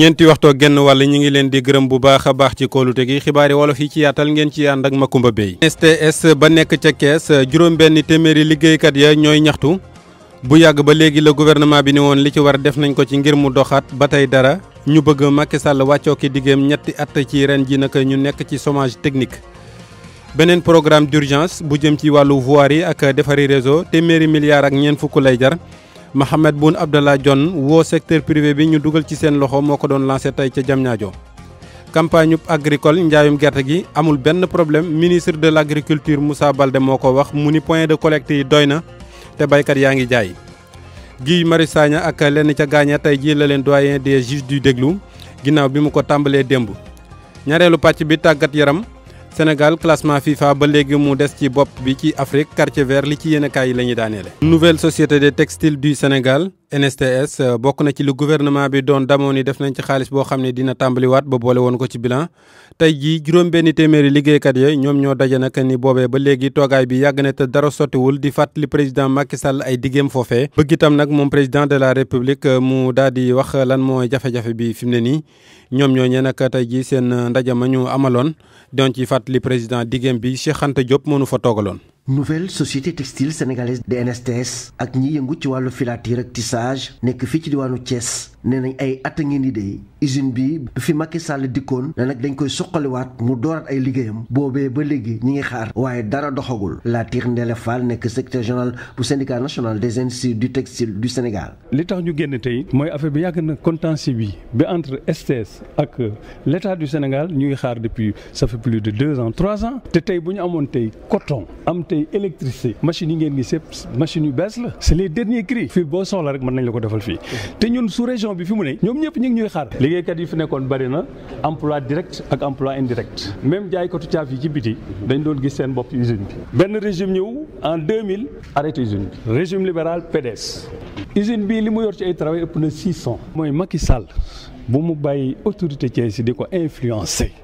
ñeenti waxtoo genn wàll ñu ngi leen di gërëm bu baax a baax ci kóolute gi xibaari wolof yi ci yaatal ngeen ci ànd ak Makumba Bey STS ba nekk ca kees juróom-benn téeméeri liggéeykat ya ñooy ñaxtu bu yàgg ba léegi la gouvernement bi ni woon li ci war def nañ ko ci ngir mu doxaat ba tey dara ñu bëgg Macky Sall wàccoo ki digéem ñetti at ci ren ji naka ñu nekk ci chômage technique beneen programme d'urgence bu jëm ci wàllu voirie yi ak defari réseau téeméeri milliards ak ñeent fukk lay jar Mahammed Boun Abdallah Dionne woo secteur privé bi ñu dugal ci seen loxo moo ko doon lancé tey ca Diamniadio campagne ub agricole njaayum gerte gi amul benn problème ministre de l' agriculture Moussa Baldé moo ko wax mu ni point de collecte yi doy na te baykat yaa ngi jaay Guy Marius Sagna ak lenn ca gaaña tey jii la leen doyen des juges du déglu ginnaaw bi mu ko tàmbalee démb ñaareelu pàcc bi tàggat yaram Sénégal classement FIFA ba léegi mu des ci bopp bi ci Afrique quartier vert li ci yéenekaay yi lañuy ñuy daaneele nouvelle société des textiles du Sénégal NSTS euh, bokk na ci lu gouvernement bi doon damoni def nañ ci xaalis bo xam dina tambali wat ba bolé won ko ci bilan ji juroom juróom téméré téeméeri kat ya ñom ñoo dajé nak ni bobé ba légui toogaay bi yàgg na te dara wul di fàttali président Macky Sall ay diggéem fofé bëgg itam moom président de la république euh, mu daal wax lan moy jafé jafé bi fimné ni ñom nii ñoom ñoo ñee nag tey jii seen ndaje ma ñu amaloon ci président diggéem bi Cheikh Anta Diop mënu fa togalon nouvelle société textile de DNSTS ak ñi yëngu ci wàllu filature ak tissage nekk fii ci diwaanu Thiès nee nañ ay at a ngi ni de usine bi bi fi Macky Sall dikkoon ne nag dañ koy suqaliwaat mu dooraat ay liggéeyam boobee ba léegi ñi ngi xaar waaye dara doxagul la Latir Ndele Fall nekk secteur général bu syndicat national des industries du textile du Sénégal. li tax ñu génn tey mooy affaire bi yàgg na contentieux bi ba entre STS ak l' état du Sénégal ñu ngi xaar depuis ça fait plus de deux ans trois ans te tey bu ñu amoon tey coton am tey électricité machine yi ngeen gis machine yu bees la c' est les derniers cris fii boo soxla rek mën nañ la ko defal fii te ñun sous région transition bi fi mu ne ñom ñep ñi ngi ñuy xaar kat yi fi nekkoon bari na emploi direct ak emploi indirect même jaay ko caaf yi ci biti dañ doon gis seen bopp usine bi ben régime ñew en 2000 arrêté usine bi régime libéral PDS usine bi li mu yor ci ay travail ëpp na 600 moy Macky Sall bu mu bàyyi autorité ci yi di ko influencer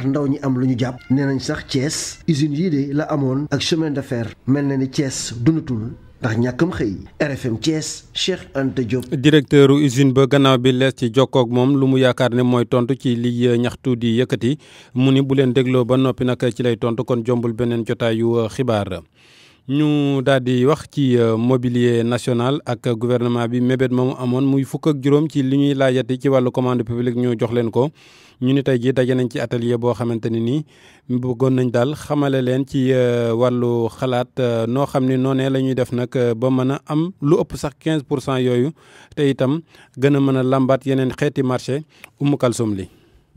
tax ndaw ñi am lu ñu jàpp nee nañ sax cees usines yii de la amoon ak chemin de fer mel na ni Thiès dunatul ndax ñàkkam xëy RFM Thiès Cheikh ante Diop. directeur usine ba gannaaw bi lees ci jokkook moom lu mu yaakaar ne mooy tontu ci li euh, ñaxtu di yëkkati mu ni bu leen dégloo ba noppi nag ci lay tontu kon jombul beneen jotaayu euh, xibaar. ñu daal di wax ci euh, mobilier national ak gouvernement bi mébét ma mu amoon muy fukk ak juróom ci li ñuy laajati ci wàllu commande publique ñoo jox leen ko ñu ni tey jii daje nañ ci atelier boo xamante ne nii bëggoon nañ daal xamale leen ci euh, wàllu xalaat euh, noo xam ne noonee la ñuy def nag ba mën a am lu ëpp sax 15 pour cent yooyu te itam gën a mën a làmbaat yeneen xeeti marché umu kalsum li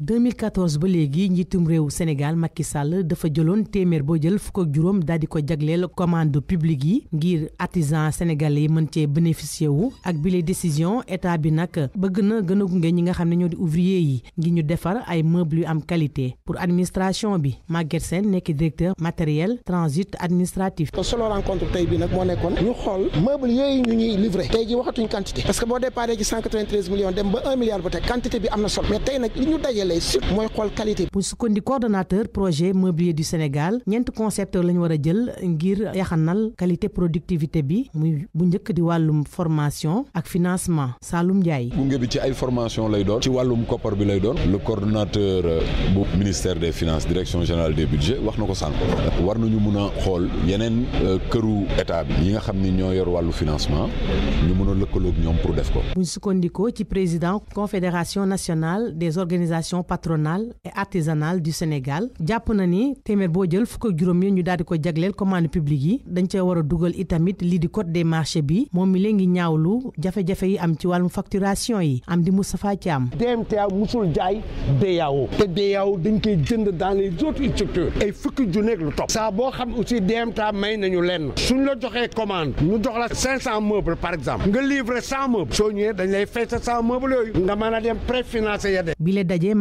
2014 ba léegi njiitum réew Sénégal Macky Sall dafa jëloon téeméer boo jël fukk ak juróom daal di ko jagleel commande publique yi ngir artisan sénégalais yi mën cee bénéficier wu ak bile décision état bi nag bëgg na gën a gunge ñi nga xam ne ñoo di ouvrier yi ngir ñu defar ay meubles yu am qualité pour administration bi Maguette Sène nekk directeur matériel transit administratif. solo rencontre tey bi nag moo nekkoon ñu xool meuble yooyu ñu ñuy livré tey ji waxatuñ quantité parce que boo déparé ci 193 millions dem ba 1 milliard ba teg quantité bi am na solo mais tey nag li ñu dajale lay sut mooy qualité. bu coordonnateur projet mobilier du Sénégal ñeent concept le ñu war a jël ngir qualité productivité bi muy bu njëkk di formation ak financement Saloum Ndiaye. gunge bi ci ay formation lay doon ci wàllum bi lay le coordonnateur du euh, ministère des finances direction générale des budgets wax na ko sànq war nañu mun a xool yeneen euh, këru état yi nga financement ñu mun le lëkkaloog Pour pour def ko. bu ci président confédération nationale des organisations association patronale et artisanale du Sénégal Japp na ni téeméer bo jël fuk ak juróom yi ñu daal di ko jagleel commande publique yi dañ ci wara duggal dugal itamit lii di code des marchés bi moom mi léegi ñaawlu jafé jafé yi am ci walum facturation yi am di Moustapha Thiam. DMTA musul jaay DAO te DAO dañ koy jënd dans les autres structures ay fuk ju nekk lu top. saa bo xam aussi DMTA may nañu lenn suñ la joxé commande ñu jox la 500 meubles par exemple nga livrer 100 meubles soo dañ lay fay 100 meubles yooyu nga mën a dem financer ya dé. bi lé dajé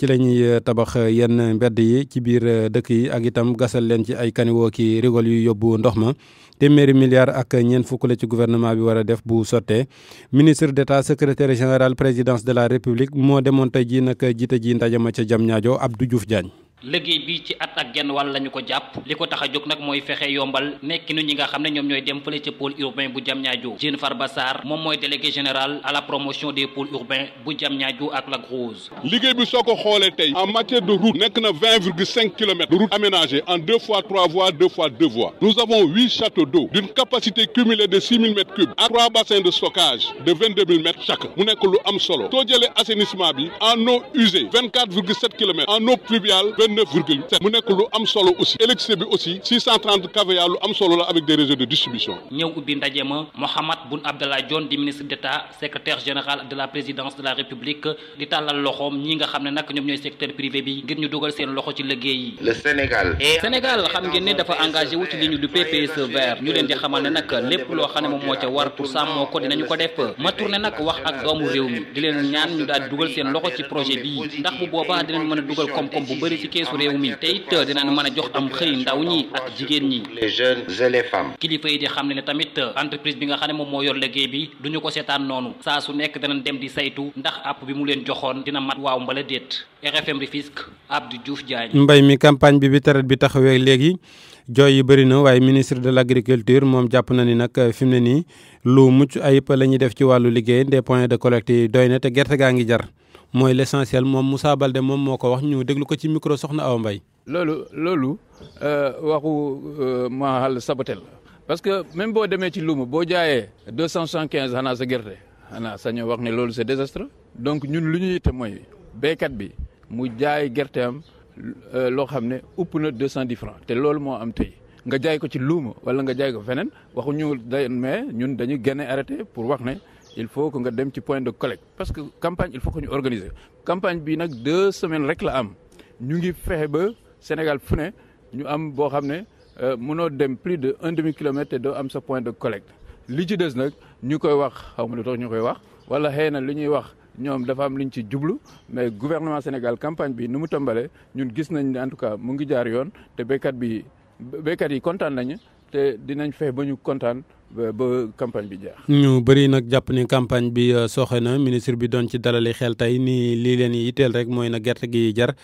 ci la ñuy eh, tabax eh, yenn mbedd yi ci biir eh, dëkk yi ak itam gasal leen ci ay kaniwoo ki rigol yu yóbbu ndox ma téeméeri milliards ak ñeent fukk la ci gouvernement bi war a def bu sottee ministre d'état secrétaire général présidence de la république moo demoon tey jii nag jiite ji ndaje ma ca ab Abdou Diouf Diagne liggéey bi ci at délégué général à la promotion des pôles urbains en matière de route nekk de route aménagée en deux fois trois voies deux fois deux voies nous avons huit châteaux d'eau d'une capacité cumulée de 6000 mètres cubes trois bassins de stockage de 22 mètres chaque mu nekk lu am solo assainissement en eau usée 24,7 km, en eau pluviale vingt-neuf virgule mu nekk lu am solo aussi électricité bi aussi 630 cent kVA am solo la avec des réseaux de distribution ñëw ubbi ndaje ma Mohamed Boun Abdallah Dionne ministre d'État secrétaire général de la présidence de la République di tàllal loxoom ñi nga xam nak ñom ñoy secteur privé bi ngir ñu duggal seen loxo ci liggéey yi le Sénégal Sénégal xam ngeen ne dafa engagé wu ci li ñu du PPSE vert ñu leen di xamal ne nag lépp loo xam ne moom moo ca war pour sàmmoo ko dinañu ko def ma tourné nak wax ak doomu réew mi di leen ñaan ñu daal duggal seen loxo ci projet bi ndax bu boba di mën mëna duggal koom-koom bu bari ci keesu réew te it dinañ mën a jox am xëy ndaw ñi ak jigéen ñi. les jeunes les femmes. kilifa yi di xam ne ne tamit entreprise bi nga xam ne moom moo yor liggéey bi du ñu ko seetaan noonu saa su nekk danañ dem di saytu ndax app bi mu leen joxoon dina mat waaw mbala déet RFM Rufisque Abdou juuf Diagne. mbay mi campagne bi bi traite bi taxawee léegi. jooy yi bëri na waaye ministre de l' agriculture moom jàpp na ni nag fi mu ne nii lu mucc ayib la ñuy def ci wàllu liggéey des point de collecte yi na te gerte gaa ngi jar moy l'essentiel mom Moussa Baldé mom moko wax ñu déglu ko ci micro soxna Awa Mbaye lolu euh waxu euh, Mahal Sabatel la parce que même bo démé ci luuma bo jaayee 275 ana sa gerté ana sa ñu wax né lolu c'est désastre donc ñun lu ñu yitte mooy béykat bi mu jaay gerte am euh, loo xam ne upp na deux francs té lolu mo am tay nga jaay ko ci luuma wala nga jaay ko fenen waxu ñu mais ñun dañu gën arrêté pour wax né il faut que nga dem ci point de collecte parce que campagne il faut que ñu organiser campagne bi nak deux semaines rek la am ñu ngi fexe ba Sénégal fu ñu am bo xamné ne euh, dem plus de un demi kilomètre te doo am sa point de collecte li ci des nak ñukoy wax xaw ma lu tax ñu wax wala xëy na ñuy wax ñoom dafa am liñ ci jublu mais gouvernement Sénégal campagne bi nu mu tàmbalee ñun gis nañ en tout cas mu ngi jaar yoon te béykat bi béykat yi contane nañu te dinañ fexe ba ñu kontaan. ba campagne bi jeex. ñu bëri nag jàpp ni campagne bi euh, sooxe na ministre bi doon ci dalali xel tey nii lii leen yitteel rek mooy na gert gi jar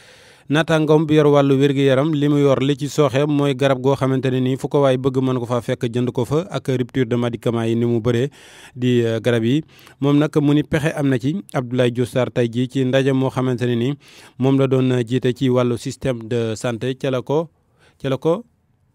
naataangoom bi yor wàllu wér-gu-yaram li mu yor li ci sooxe mooy garab goo xamante ne nii fu ko waay bëgg mën ko faa fekk jënd ko fa ak rupture de médicament yi ni mu bëree di euh, garab yi moom nag mu ni pexe am na ci Abdoulaye Diouf Sarr tey jii ci ndaje moo xamante ne nii la doon euh, jiite ci wàllu système de santé ca la ko ca la ko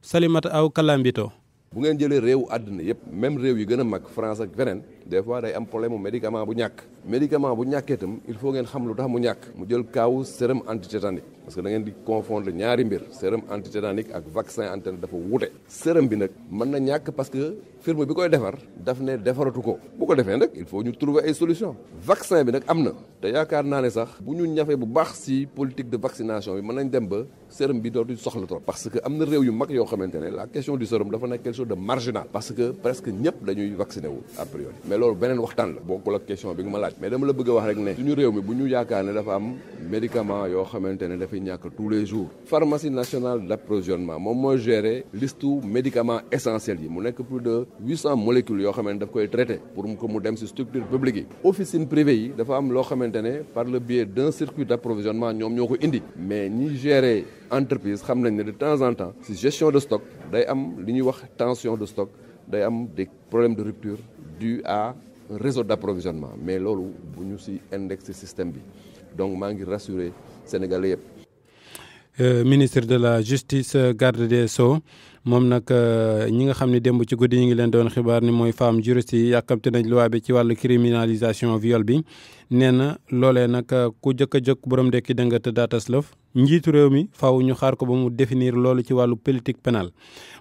Salimata aw Kalambito bu ngeen jëlee réewu àddina yëpp même réew yi gën a mag France ak feneen des fois day am problème médicament bu ñak médicament bu ñaké tam il faut ngeen xam lu tax mu ñak mu jël kaw sérum antitétanique parce que da ngeen di confondre ñaari mbir sérum antitétanique ak vaccin antenne dafa wute sérum bi nak mën na ñak parce que firme bi koy défar daf né défaratu ko bu ko défé nak il faut ñu trouver ay solution vaccin bi nak amna da te na né sax bu ñu ñafé bu baax ci politique de vaccination bi mën nañ dem ba sérum bi dootu soxla trop parce que amna na réew yu mag yo xamante la question du sérum dafa nekk quelque chose de marginal parce que presque ñep dañuy vacciner wu a priori mais je beneen waxtaan la bokkul ak question bi nga ma mais dama la bëgg a wax rek ne suñu réew mi bu ñu yaakaar tous les jours pharmacie nationale d'approvisionnement moom mooy gérer médicaments essentiels yi mu plus de 800 molécules yoo xamante pour que mu dem si structure publique yi privée yi dafa am par le biais d'un circuit d'approvisionnement mais nous gérer entreprise xam nañ de temps en temps La gestion de stock day am li wax tension de stock day am des problèmes de rupture dû à réseau d'approvisionnement mais l'eau, nous ñu ci le système donc je suis rassurer sénégalais euh, ministre de la justice euh, garde des sceaux moom nag euh, ñi nga xam ne démb ci guddi ñu ngi leen doon xibaar ni mooy femme juriste yi yàkkamte nañ loi bi ci wàllu criminalisation viol bi nee na loolee nag euh, ku jëkk a jëkk borom dekki da nga tëddaatas lëf njiitu réew mi faw ñu xaar ko ba mu definiir loolu ci wàllu politique penal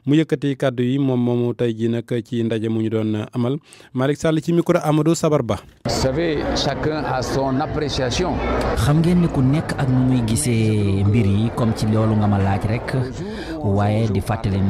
mu yëkkati kàddu yi moom moomu tey ji nag ci ndaje mu ñu doon amal Malick Sall ci micro Amadou Sabar Ba. Vous savez, chacun a son xam ngeen ku nekk ak nu muy gisee mbir yi comme ci loolu nga fàttali.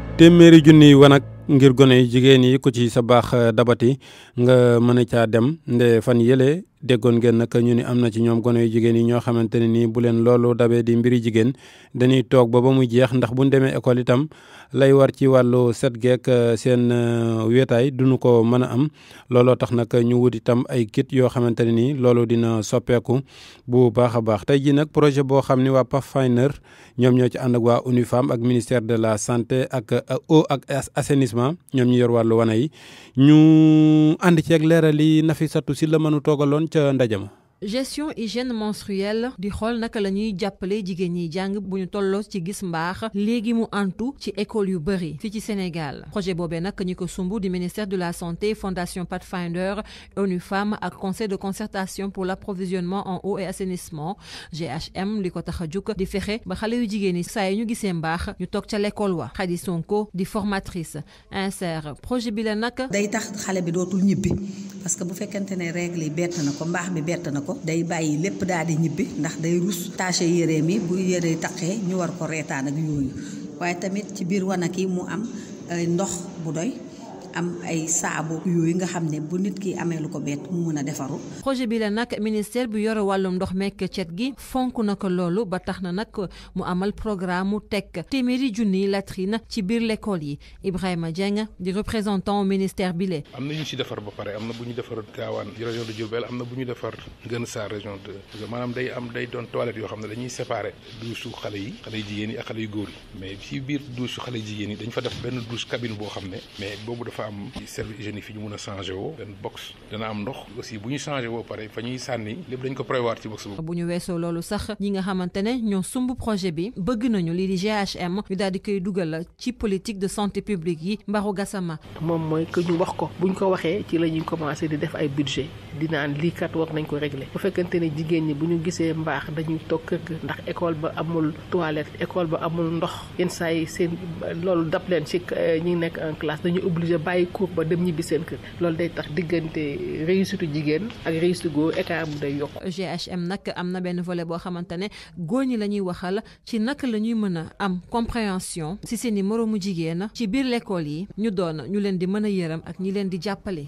téeméeri junniy wanag ngir gone yu jigéen yi ku sa baax eh, dabati nga mën a caa dem nde fan yële déggoon ngeen nag ñu ni am na ci ñoom gone yu jigéen yi ñoo xamante ne nii bu leen loolu dabee di mbiri jigéen dañuy toog ba ba mu jeex ndax buñ demee école itam lay war ci wàllu set geek euh, seen euh, wéetaay duñu ko mën a am looloo tax nag ñu wut itam ay kit yoo xamante ne nii loolu dina soppeeku bu baax a baax tey jii nag projet boo xam ni waa Pathfinder ñoom ñoo ci ànd ak waa UNIFAM ak ministère de la santé ak euh, ak assainissement ñoom ñu yor wàllu wana yi ñu ànd ceeg leeral yi Nafissatou Sylla mënu toogaloon ca ndaje gestion hygiène menstruelle du xool naka la ñuy jigéen ñi jàng bu ñu tolloo ci gis antu ci école yu bëri ci Sénégal projet boobee nag ñi du ministère de la santé fondation Pathfinder ONU Femmes à conseil de concertation pour l'approvisionnement en eau et assainissement GHM li ko tax a jukk di fexe ba xale yu jigéen ñi saa ñu gisee mbaax ñu Sonko di formatrice insert projet bi la nag day tax xale parce que bu fekkente ne règle yi bett na ko mbaax mi bett na ko day bàyyi lépp daal di ñibbi ndax day ruus taché yére mi bu yére taqee ñu war ko reetaan ak yooyu waaye tamit ci biir wanag yi mu am ndox bu doy am ay saabu yooyu nga xam ne bu nit ki amee lu ko bett mu mun a defaru. projet bi la nag ministère bu yore wàllum ndox mekk cet gi fonk na ko loolu ba tax na nag mu amal programme mu teg téeméeri junniy latrine ci biir l'école yi Ibrahima Dieng di représentant ministère bi le am na ñu ci defar ba pare am na bu ñu defar Gaawaan région de Diourbel am na bu ñu defar Ngën Saar région de maanaam day am day doon toilette yoo xam ne dañuy séparer douche su xale yi xale yu jigéen yi ak xale yu góor yi mais ci biir douche su xale jigéen yi dañ fa def benn douche cabine boo xam ne mais boobu dafa dafa am ci service jeunes yi fi ñu mun a changé woo benn box dana am ndox aussi bu ñu changé woo fa ñuy sanni lepp dañ ko prévoir ci box bu ñu wesso lolu sax ñi nga xamantene ne ñoo sumb projet bi bëgg nañu li di GHM ñu daal di koy duggal ci politique de santé publique yi Mbarou Gassama mom moy que ñu wax ko buñ ko waxé ci lañu ñuy commencé di def ay budget dinaan li kat wax nañ ko régler bu fekkante ne jigéen ñi buñu ñu gisee mbaax dañuy toog ndax école ba amul toilette école ba amul ndox yeen say yi seen loolu dab leen ci euh, ñi nekk en classe dañuy obligé ay cours ba dem ñibbi seen kër loolu day tax diggante réussite jigéen ak réussite góor écart bu day yokk. GHM nag am na benn volet boo xamante ne góor ñi la ñuy waxal ci naka la ñuy mën a am compréhension si seen i moroomu jigéen ci biir lekkool yi ñu doon ñu leen di mën a yërëm ak ñi leen di jàppale.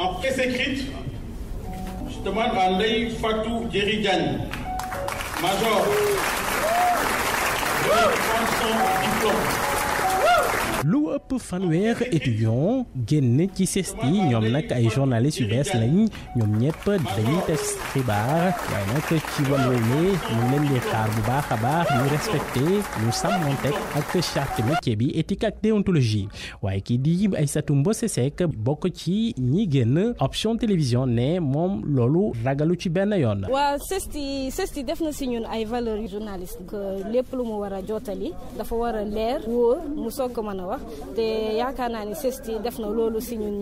En presse écrite, je demande à Lei Fatou Djeridjani, major, de prendre son diplôme lu ëpp fanweer étudiant génn ci CESTI ñoom nag ay journalistes yu bees lañ ñoom ñëpp dañuy tes xibaar waaye nag ci wàllu ne ñu leen di xaar bu baax a baax ñu respecté ñu sàmmonteeg ak charte métier bi éthique ak déontologie waaye kii di Aïssatou Mbose Seck bokk ci ñi génn option télévision né mom loolu ragalu ci benn yoon. waaw CESTI CESTI def na ñun ay valeurs journaliste que lépp lu mu war a jottali dafa war a leer mu soog ko wax te yaakaar naa ni CESTI def na loolu si ñun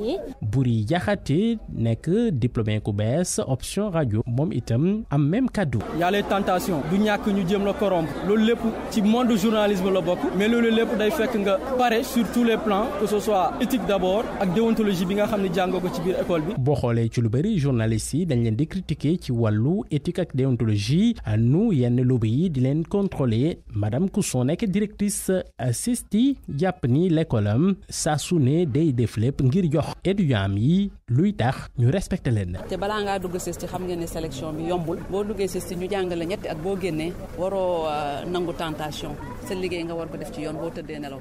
Buri Jaxate nekk diplôme ku bees option radio, moom itam am même kaddu. y a les tentations du ñàkk ñu jëm la corrompre loolu lépp ci monde journalisme la bokk mais loolu lépp day fekk nga pare sur tous les plans que ce soit éthique d'abord ak déontologie bi nga xam ne jàngoo ko ci biir école bi. boo xoolee ci lu bëri journalistes yi dañ leen di critiquer ci wàllu éthique ak déontologie nu yenn lobby yi di leen contrôler madame Cousson nekk directrice CESTI jàpp ni ni lekkolam saa su ne day deflep ngir jox étudiants yi luy tax ñu respecté len té bala nga dugg CESTI ci xam ngeen ni sélection bi yombul bo duggé duggee ci ñu jàngale ñetti at bo génné waro euh, nangu tentation sa liggéey nga war ko def ci yoon bo tëddee nelaw.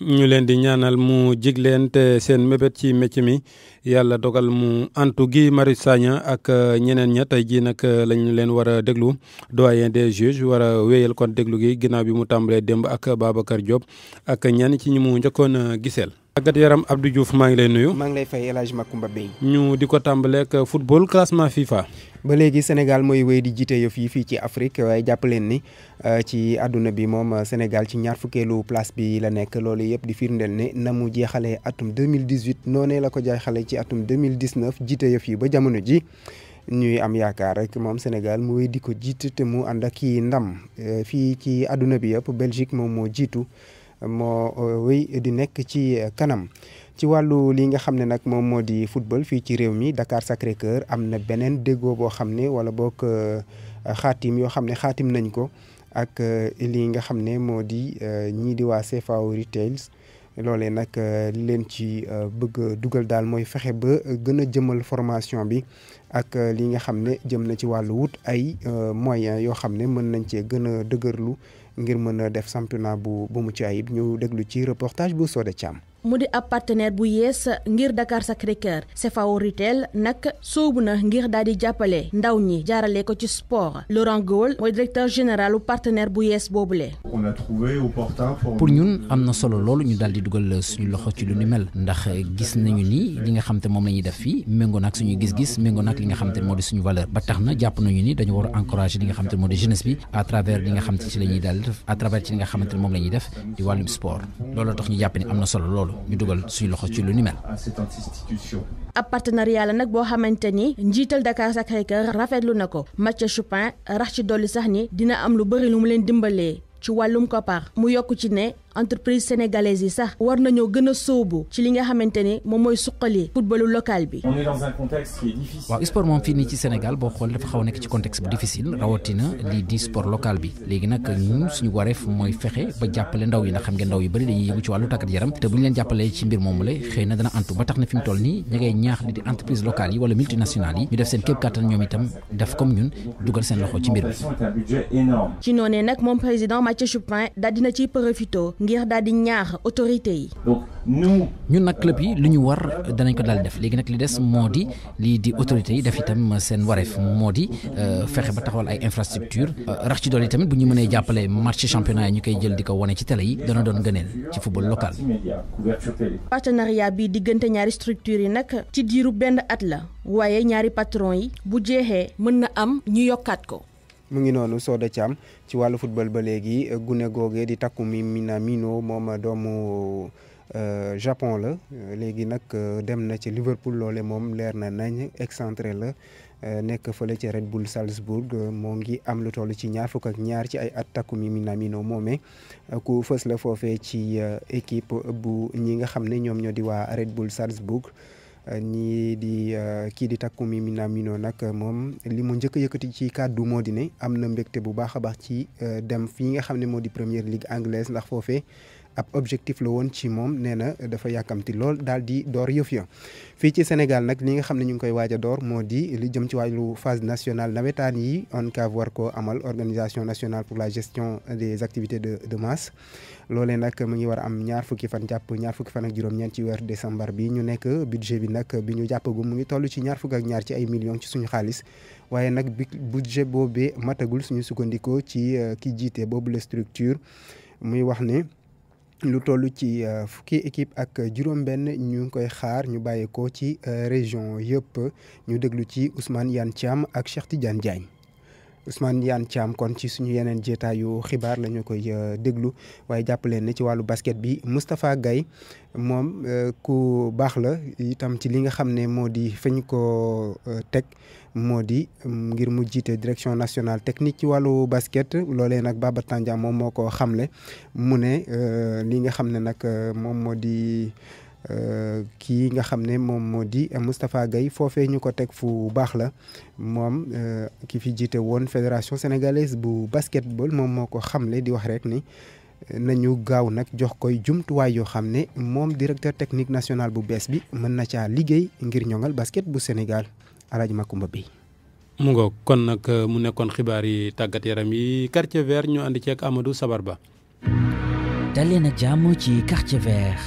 ñu leen di ñaanal mu jig leen te seen mébét ci métier mi yàlla dogal mu antu gi Marius Sagna ak euh, ñeneen ña tey jii nag euh, lañu leen war a déglu doyen des juges war a wéyal kon déglu gi ginnaaw bi mu tàmbalee demb ak Babacar Diop ak ñan ci ñi mu njëkkoon euh, giseel tàggat yaram Abdou Diouf maa ngi lay nuyu. maa ngi lay fay El Hadj Makumba Bey. ñu di ko tàmbaleeg football classement FIFA. ba léegi Sénégal mooy wéy di jiite yëf yi fii ci Afrique waaye jàpp leen ni euh, ci àdduna bi moom euh, Sénégal ci ñaar fukkeelu place bi la nekk loolu yëpp di firndeel ne na mu jeexale atum 2018 noonee la ko jeexalee ci atum 2019 jiite yëf yi ba jamono ji. ñuy am yaakaar rek moom Sénégal mu wéy di ko jiit te mu ànd ak kii ndam euh, fii ci àdduna bi yëpp Belgique moom moo jiitu. moo uh, wéy di nekk ci uh, kanam ci wàllu lii nga xam ne nag moom moo di football fii ci réew mi dakaar Sacré Cœur am na beneen déggoo boo xam ne wala boog uh, xaatim yoo xam ne xaatim nañ ko ak li nga xam ne moo di ñii di waa CFAO Retails loolee nag li leen ci bëgg dugal daal mooy fexe ba gën a jëmal formation bi ak li nga xam ne jëm na ci wàllu wut ay moyens yoo xam ne mën nañ cee gën a dëgërlu ngir mën a def championnat bu bu mucc ayib ñu déglu ci reportage bu Sode Thiam. mu di ab partenaire bu yees ngir Dakar Sacré-Cœur CFAO Retail nag soobu na ngir daal di jàppale ndaw ñi jaarale ko ci sport Laurent Gaule mooy directeur général u partenaire bu yees boobule. pour ñun am na solo loolu ñu daal di dugal suñu loxo ci lu ni mel ndax gis nañu ni li nga xam te moom la ñuy def fii méngoo na ak suñu gis-gis méngoo ak li nga xam te moo di suñu valeur ba tax na jàpp nañu ni dañu war a encourager li nga xam te di jeunesse bi à travers li nga xam te la ñuy daal à travers ci li nga xamante moom la ñuy def di wàllum sport loolu tax ñu jàpp ni am na solo loolu ñu dugal suñu loxo ci lu partenariat la nag boo xamante ni njiital Dakar Sacré-Cœur rafetlu na ko Mathieu Chupin rax ci dolli sax ni dina am lu bëri lu mu leen dimbalee ci wàllum koppar mu yokk ci ne. entreprise sénégalaise yi sax war nañoo gën a ci li nga xamante ne moom mooy suqali footballu local bi. waaw sport moom fii nii ci Sénégal boo xool dafa xaw a nekk ci contexte bu difficile rawatina lii di sport local bi léegi nag ñun suñu wareef mooy fexe ba jàppale ndaw yi ndax xam ngeen ndaw yu bëri dañuy yëngu ci wàllu tàggat yaram te bu ñu leen jàppalee ci mbir moomu la xëy na dana antu ba tax na fi toll nii ña ñaax li di entreprise locale yi wala multinationale yi ñu def seen képp kàttan ñoom itam def comme ñun dugal seen loxo ci mbir bi ci noonee ngir daal di ñaax autorité yi. ñun nag club yi lu ñu war danañ ko daal def léegi nag li des moo di lii di autorité yi def itam seen wareef moo di euh, fexe ba taxawal ay infrastructure euh, rax ci dool yi tamit bu ñu mënee jàppalee match championnat yi ñu koy jël di ko wane ci télé yi dana doon gëneel ci football local. partenariat bi diggante ñaari structure yi nag ci diiru benn at la waaye ñaari patron yi bu jeexee mën na am ñu yokkaat ko. mu ngi noonu Soda Thiam ci wàllu football ba léegi gune googee di Takumi Minamino moom doomu euh, Japon la léegi nag euh, dem na ci Liverpool loole moom leer na nañ excentré la euh, nekk fële ci Red Bull Salzburg moo ngi am lu toll ci ñaar fukk ak ñaar ci ay at Takumi Minamino moomee ku fës la foofee ci équipe bu ñi nga xam ne ñoom ñoo di waa Red Bull Salzburg. nii di euh, kii di takku mi Mina Mino nag moom li mu njëkk a yëkkati ci kàddu moo di ne am na mbégte bu baax a baax ci euh, dem fii nga xam ne moo di première ligue anglaise ndax foofee ab objectif la woon ci mom nee dafa yakamti lool daldi di yeuf ya fi ci Sénégal nak ni nga xam ñu ngi koy waaj a modi li jëm ci wàllu phase nationale nawetaan yi on war ko amal organisation nationale pour la gestion des activités de de masse lolé nak mu ngi war am ñaar fukki fan japp ñaar fukki fan ak juroom ñen ci weer décembre bi ñu nek budget bi nak bi ñu gu mu ngi tollu ci ñaar fukk ak ñaar ci ay millions ci suñu xaalis waye nak budget bobé matagul suñu sukkandikoo ci euh, ki jité bobu la structure muy wax ne lu toll ci euh, fukki équipe ak juróom-benn ñu ngi koy xaar ñu ko ci euh, région yépp ñu déglu ci Ousmane Yane Thiam ak Cheikh Tidiane Diagne Ousmane Yane Thiam kon ci suñu yeneen jeetaayu xibaar la ñu koy euh, déglu waaye ci wàllu basket bi Gaye moom ku baax la itam ci li nga xam ne moo di ko teg modi mm, ngir mu jité direction nationale technique ci walu basket l'olé nak Baba Tandia mom moko xamlé mune euh li nga xamné nak euh, mom modi moo di euh, nga xamné mom modi Mustapha Gay fofé ñuko tek fu bax la euh, ki fi jité won fédération sénégalaise bu basketball mon moko xamlé di wax rek ni nañu gaaw nak jox koy jumtu way yo xamné mom directeur technique national bu bees bi mën na liggéey ngir ñongal basket bu Sénégal. alaaji Makumba Bey mu ngoog kon nag mu nekkoon xibaar yi tàggat yaram yi quartier vert ñu ànd ceeg Amadou Sabar Ba dal leen ak jàmm ci quartier vert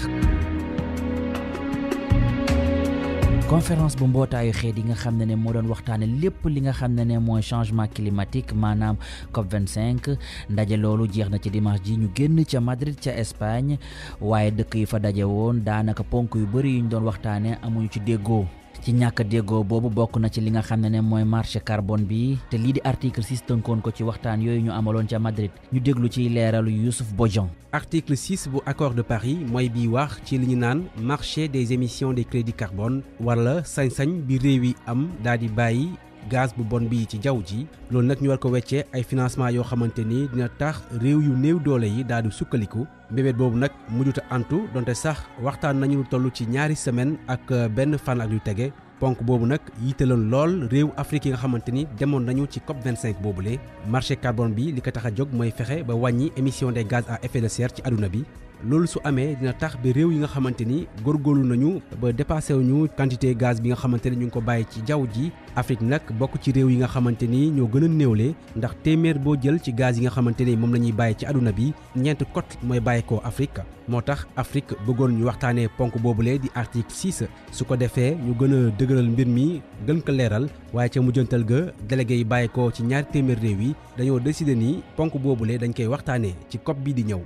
conférence bu mbootaayu xeet yi nga xam ne ne moo doon waxtaane lépp li nga xam ne ne mooy changement climatique maanaam COP 25 ndaje loolu jeex na ci dimanche ji ñu génn ca Madrid ca Espagne waaye dëkk yi fa daje woon daanaka ponk yu bëri yu ñu doon waxtaane amuñu ci déggoo ci ñàkk déggoo boobu bokk na ci li nga xam ne ne mooy marché carbone bi te lii di article 6 tënkoon ko ci waxtaan yooyu ñu amaloon ca Madrid ñu déglu ciy leeralu Youssouf Bodjon article 6 bu accord de Paris mooy bii wax ci li ñu naan marché des émissions des crédits carbone wala sañ-sañ bi réew yi am daal di bàyyi gaz bu bon bi ci jaww ji loolu nag ñu war ko weccee ay financement yoo xamante ni dina tax réew yu néew doole yi daal di sukkaliku mbébét boobu nag mujjuta antu donte sax waxtaan nañu lu toll ci ñaari semaine ak euh, benn fan ak yu tege ponk boobu nag yiitaloon lool réew Afrique yi nga xamante ni demoon nañu ci COP 25 boobule marché carbone bi li ko tax a jóg mooy fexe ba wàññi émission des gaz à effet de serre ci àdduna bi loolu su amee dina tax ba réew yi nga xamante ni góor góorgóorlu nañu ba dépassé wuñu quantité gaz bi nga xamante ne ñu ngi ko bàyyi ci jaww ji Afrique nag bokk ci réew yi nga xamante ni ñoo gën a néewle ndax téeméer boo jël ci gaz yi nga xamante ni moom la ñuy bàyyi ci àdduna bi ñeent côte mooy bàyyi ko Afrique moo tax Afrique bëggoon ñu waxtaanee ponk boobu boobule di article 6 su ko defee ñu gën a dëgëral mbir mi gën ko leeral waaye ca mujjantal ga délégué yi bàyyi ci ñaari téeméer réew yi dañoo décider ni ponk boobule dañ koy waxtaanee ci COP bi di ñëw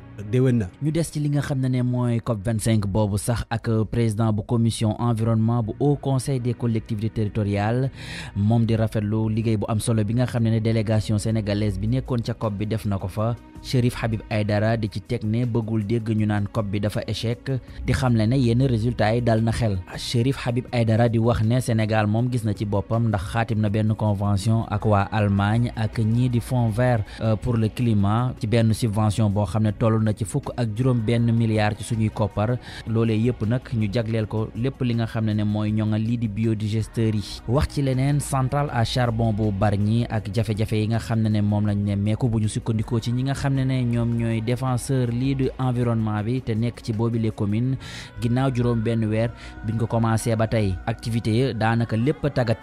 li nga xam ne ne COP 25 boobu sax ak président bu commission environnement bu haut conseil des collectivités territoriales moom di rafetlu liggéey bu am solo bi nga xam ne délégation sénégalaise bi nekkoon ca COP bi def fa Chérif Habib Aïdara di ci teg ne bëggul dégg ñu naan COP bi dafa échec di xamle ne yenn résultats yi dal na xel Chérif Habib Aïdara di wax ne Sénégal moom gis na ci boppam ndax xaatim na benn convention ak waa Allemagne ak ñii di Fonds vert euh, pour le climat ci benn subvention boo xam ne toll na ci fukk ak juróom benn milliard ci suñuy koppar loolee yëpp nag ñu jagleel ko lépp li nga xam ne ne mooy ñoŋal lii di biodigesteurs yi wax ci leneen centrale xam ne ñom ñoy défenseur li du environnement bi té nekk ci bobu les communes ginnaw juróom benn weer biñ ko commencé ba tay activité yi daanaka lépp a tagga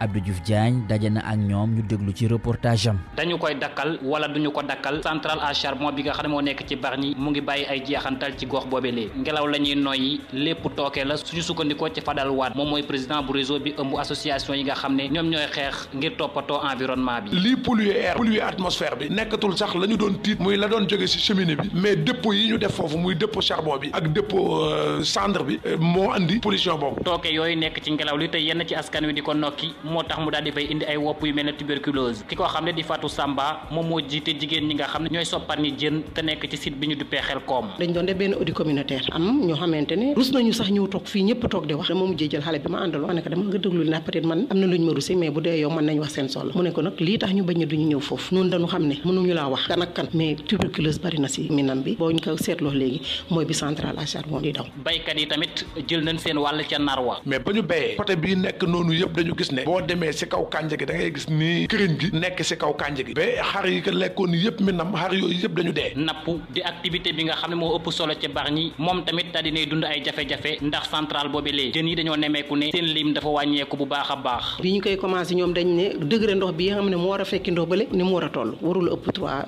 Abdou Diouf Diagne daje na ak ñom ñu déglu ci reportage am dañu koy dakal wala duñu ko d'akal. Central à charbon bi nga xam mo moo nekk ci Bargny mu ngi bayyi ay jéxantal ci gox boobee les ngelaw lañuy ñuy noyyi lépp tooke la suñu sukkandikoo ci Fadal Waat mom moy président bu réseau bi ëmb association yi nga xam ne ñoom ñooy xeex ngir topato environnement bi li polluer air polluer atmosphère bi nekkatul sax lañu doon tit muy la doon jóge ci cheminée bi mais dépôt yi ñu def fofu muy dépôt charbon bi ak dépôt euh, cendre bi euh, mo andi pollution boobu toké yoy nekk ci ngelaw li tay yenn ci askan wi di nokki moo tax mu daldi fay indi ay wop yu melni tuberculose kiko xamné di Fatou Samba mo mo jité jigen ñi nga xamné ñoy ñooy soppar ñi jën te nekk ci site bi ñu du pexel kom dañ doon def ben audi communautaire am ñu xamante ne rus nañu sax ñëw tok fi ñepp tok di wax dama mujjee jël xale bi ma àndaloo ma ko dama nga déglu na peut être man amna na luñ ma rusé mais bu dé yow man nañ wax sen soxla mu ne ko nak li tax ñu bañ duñu ñew fofu non dañu xamné mënu ñu la wax kan ak kan mais tuberculose bari si minam bi boo ñu ko seetloo léegi mooy bi centrale à charbon di daw baykat yi tamit jël nañ seen wàll ca nar wa mais ba ñu béyee côté bii nekk noonu yëpp dañu gis ne boo demee si kaw kànja gi da gis ni këriñ gi nekk si kaw kànja gi ba xar yi ko lekkoon yëpp minam xar yooyu dee napp di activité bi nga xam ne moo ëpp solo ca ñi moom tamit daal dinay dund ay jafe-jafe ndax centrale boobi lee jën yi dañoo nemeeku ne seen lim dafa wàññeeku bu baax baax bi ñu koy commencé ñoom dañ ne degré ndox bi nga xam ne mu war a fekki ndox bële ni mu war a toll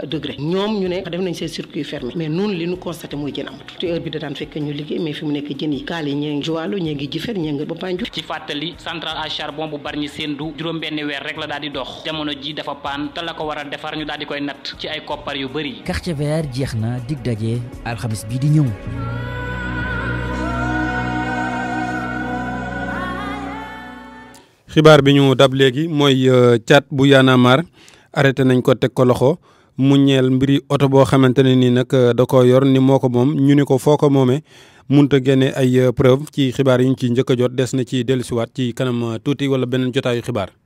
degré ñom ñu né def nañ seen circuit fermé mais nun li ñu constater moy jën amatu té heure bi da daan fekk ñu liggé mais fi mu nekk jën yi kaal yi ngi jowalu ñi ngi jifer ñi ngi ba pañju ci fatali central à charbon bu barñi sendu juroom benn weer rek la daal di dox jamono ji dafa pan te la ko wara défar ñu daal di koy nat ci ay koppar yu bari quartier vert jeex na dig daje alxamis bi di ñëw xibaar bi ñu dab léegi mooy euh, cat bu mar arrêté nañ ko teg ko loxo mu ñeel mbiri oto boo xamante ne ni nag da koo yor ni moo ko moom ñu ni ko foo ko moomee munta génne ay preuve ci xibaar yi ñu ci njëkk jot des na ci dellusiwaat ci kanam tuuti wala beneen jotaayu xibaar.